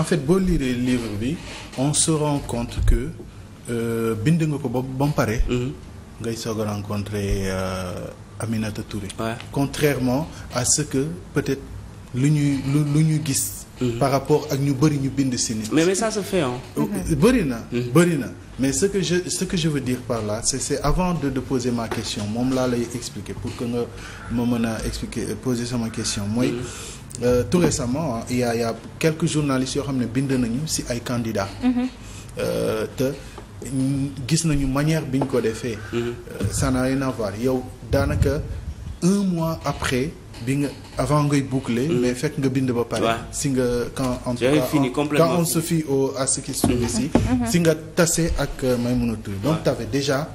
en fait boo liiree livre bi on se rend compte que euh, bind nga ko ba ba mu pare. Mhm. ngay soog a rencontrer euh, Aminata Touré. Ouais. contrairement à ce que peut-être lu ñuy lu lu ñu gis. Mhm. par rapport ak ñu bëri ñu bind si nit. mais mais ça se fait hein. Euh, bëri na. Mhm. bëri na mais ce que je veux dire par là c'est c'est avant de de poser ma question moom laa lay expliquer pour que nga ma mën a expliquer poser sama question mooy. mm euh, tout récemment il y a il yoo xam ne bind nañu ci ay candidats. Mm-hmm. Euh, te gis nañu manière bi ñu ko defee. Mm-hmm. Euh, ça n'a rien yow daanaka un mois après. bi nga avant ngay boucler. Mm-hmm. mais fekk nga bind ba pare. si nga quand on se fie au à ce qui si nga tase ak euh, Maïmouna Touré donc t'avais déjà.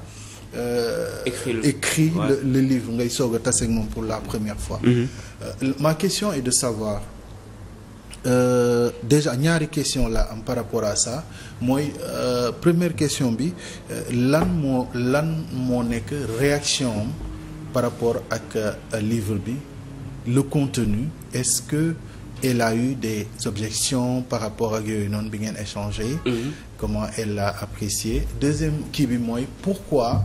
Euh, écrit, le, livre ngay soog a tase pour la première fois. Mhm. Euh, ma question est de savoir. Euh, déjà ñaari question la am par rapport à sa mooy euh, première question bi euh, lan moo lan nekk réaction par rapport ak euh, livre bi le contenu est-ce que elle a eu des objections par rapport a yooyu noonu bi ngeen échangé. Mhm. comment elle l'a apprécié deuxième kii bi mooy pourquoi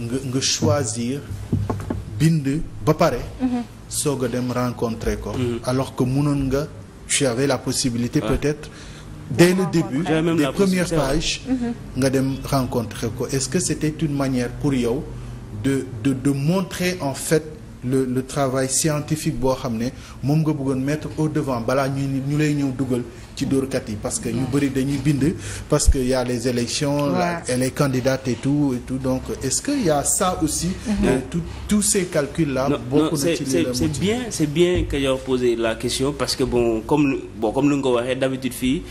nga nga choisir bind ba pare. Mhm. soog a dem rencontrer ko. Mhm. alors que mënoon nga tu avais la possibilité peut-être. dès le début des premières pages nga dem rencontrer ko est-ce que c'était une manière pour yow de montrer en fait. le le travail scientifique boo xam ne moom nga bëggoon mettre au devant balaa ñu ñu lay ñëw dugal ci dóorkat yi parce que ñu bëri dañuy bind parce que y a les élections ouais. et les candidates et donc est-ce que y ça aussi mm-hmm. euh, tout tous ces calculs là bokk na ci li la c'est bien c'est bien que yow posé la question parce que bon comme bon comme ni nga ko waxee d'habitude fii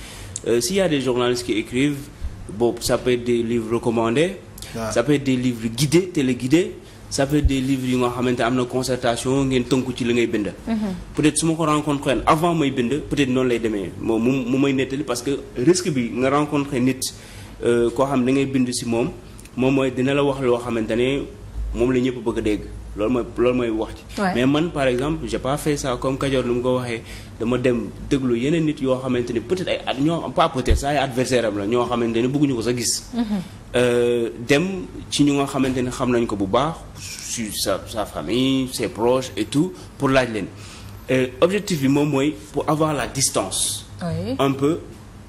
euh, s'il y a des journalistes qui écrivent bon ça être des livres recommandés ouais. ça être des livres guidés téléguidés sa peut être des livres yu nga xamante am na concertation ngeen tënku ci li ngay bind. Mhm. peut-être su ma ko rencontré avant may bind peut-être noonu lay demee moom mu may nettali parce que risque bi nga rencontré nit euh, koo xam da ngay bind si moom moom mooy dina la wax loo xamante ne. moom la ñëpp bëgg a dégg loolu mooy loolu mooy wax ci mais man par exemple j'ai pas fait ça comme Kajoor lu mu ko waxee dama dem déglu yeneen nit yoo xamante ni peut-être ay at ñoo pas peut-être ça ay adversaire am la ñoo xamante ni bëgguñu ko sa gis mm-hmm. euh, dem ci ñu nga xamante ni xam nañ ko bu baax su sa sa famille ses proches et tout pour laaj leen euh, objectif bi moom mooy pour avoir la distance oui. un peu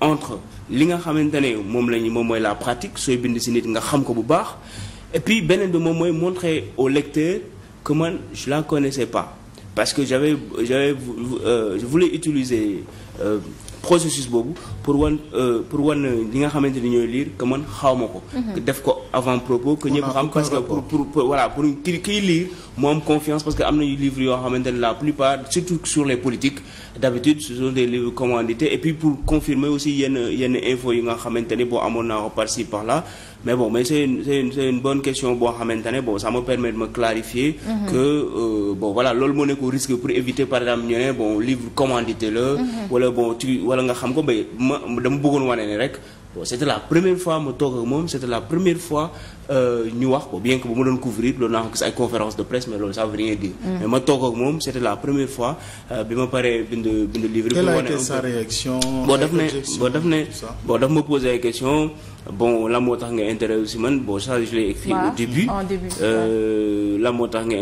entre li nga xamante ne moom la ñu moom mooy la pratique sooy bind si nit nga xam ko bu baax et puis beneen bi moom mooy montrer au lecteur que man je la connaissais pas parce que j'avais j'avais euh, je voulais utiliser euh, processus boobu pour wan euh, pour wan li nga xamante ni ñooy lire que man xaw ko. Mhm. def ko avant propos que ñëpp xam parce que pour pour pour ki kiy lire moo confiance parce que am nañu livres yoo xamante la plupart surtout sur les politiques d'habitude ce sont des livres et puis pour confirmer aussi yenn yenn infos yi nga xamante boo amoon naa ko par ci mais bon mais c'est une bonne question boo xamante ne bon ça permet de clarifier. Mhm. que euh, bon loolu moo ne ma dama bëggoon wane ni rek bon c'était la première fois ma toog ak moom c'était la première fois euh, ñu wax ko bien que bu ma doon couvrir loolu naa ko gis ay conférence de presse mais loolu ça veut dire. Mm. mais ma toog ak moom c'était la première fois euh, bi ma paree bind bind livre. quelle a moo tax nga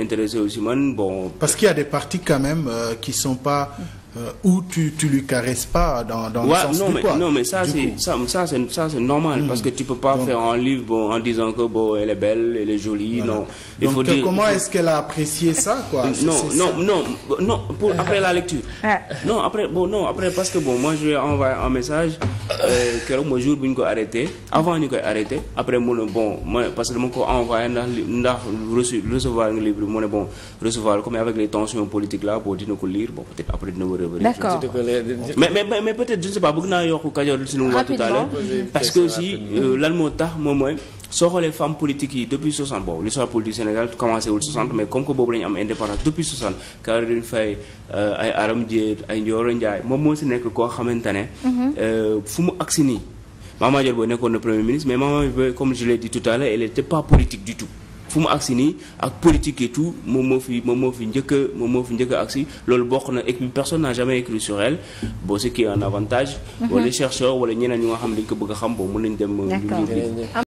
intéressé aussi man bon. parce qu'il y a des parties quand même euh, qui sont pas. Mm. euh, ou tu tu lui caresses pas dans dans ouais, le sens non, du mais, poids. Non mais ça c'est ça ça c'est ça c'est normal mmh. parce que tu peux pas donc, faire un livre bon, en disant que bon elle est belle, elle est jolie, voilà. non. Il donc, faut euh, dire comment est-ce qu'elle a apprécié ça quoi euh, Non non ça. non non pour après la lecture. non après bon non après parce que bon moi je lui ai envoyé un message Euh, keroog mooy jour bu ñu ko arrêté avant ñu koy arrêté après mu ne bon ma parce que dama ko envoyé ndax li ndax reçu recevoir nga livre bi mu ne bon recevoir ko mais avec les tensions politiques là bon dina ko lire bon peut après dina ko revenir. d'accord mais mais mais peut être je ne sais pas yokk Kajoor si nu mu tout à parce que aussi euh, lan moo tax moom mooy. soo xoolee femme politique yi depuis 60 boobu l'histoire politique Sénégal commencé wul 60 mais comme la ñu am indépendance depuis 60 Caroline Faye euh, ay Aram Dieng ay Ndioro Ndiaye moom moo si nekk koo xamante ne. Mhm. Euh, fu mu agsi nii. Mame Madior Boye nekkoon na premier ministre mais Mame Madior Boye comme je l'ai dit tout à l'heure elle moom moo fi moom moo fi njëkk moom moo fi njëkk a agsi loolu bokk na et puis personne n'a jamais écrit sur elle boo ce qui est avantage. Mhm. wala chercheur wala ñeneen ñi nga xam dañ ko bëgg a xam boobu mën nañ dem. Euh,